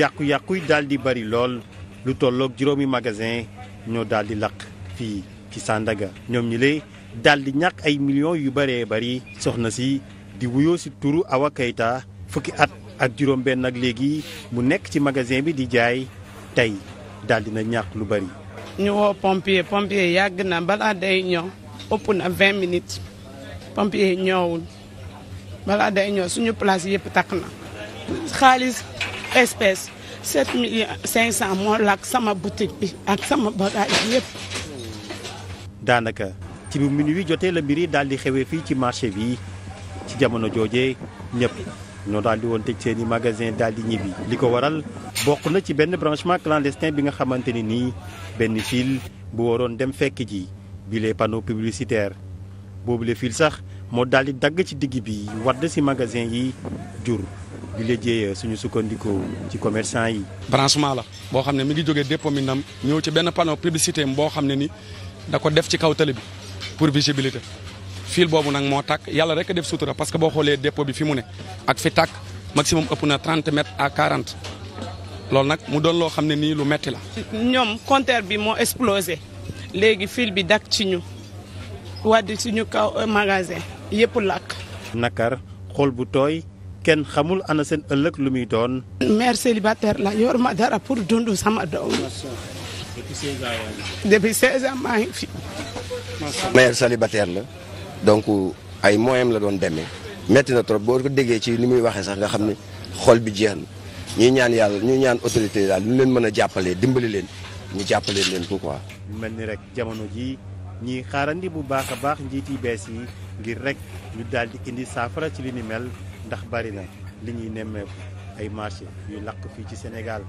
yàqu-yàqu yi di bari lool lu tolloog juróomi magasin ñoo daal di lakk fii ci sàndaga ñoom ñu lay daldi di ñàkk ay millions yu bëree bari soxna si di wuyoo si turu Awa fukki at ak juróom benn ak léegi mu nekk ci magasin bi di jaay tey daal na ñàkk lu bari ñu woo pompier pompier yàgg na balaa day ñëw ëpp na 20 minutes pompier ñëwul balaa day ñëw suñu place yëpp takk na xaalis espèce sept millions cinq cent moo sama boutique ak sama bagage daanaka ci bu minuit jotee la mbir yi daal di xewee fii ci marché bi ci jamono jooje ñëpp ñoo daal di woon tëj seen i magasin daal di ñibbi. li ko waral bokk na ci benn branchement clandestin bi nga xamante ni nii benn fil bu waroon dem fekk ji bi les panneaux publicitaires boobu le fil sax moo daal di dagg ci digg bi wadd si magasin yi jur. bi la jiyee suñu sukkandiku ci commercant yi. branchement la boo xam ne mi ngi jóge déppo mi nam ñëw ci benn panneau publicité am boo xam ne ni da ko def ci kaw tali bi pour visibilité fil boobu nag moo tàkk yàlla rek def sutura parce que boo xoolee dépôt bi fi mu ne ak fi tàkk maximum ëpp na 30 mètres à 40 loolu nag mu doon loo xam ne nii lu metti la. ñoom compteur bi moo explosé léegi fil bi dakk ci ñu wàddi suñu kaw magasin yëpp làkk. nakar bu tooy. kenn xamul ana seen ëllëg lu muy doon. mère célibataire la yor ma dara pour dund sama doom. depuis 16 ans depuis 16 ans maa ngi fi. mère la donc ay moyens la doon demee métti na trop boo ko déggee ci ni muy waxee sax nga xam ne xol bi jeex na ñuy ñaan yàlla ñuy ñaan autorité daal lu leen mën a jàppalee dimbali leen ñu jàppalee leen ko lu mel ni rek jamono ji ñiy xaarandi bu baax a baax njiit yi bees yi ngir rek ñu daal indi saafara ci li ni mel. ndax bari na li ñuy nemmeeku ay marché yu lakk fii ci Sénégal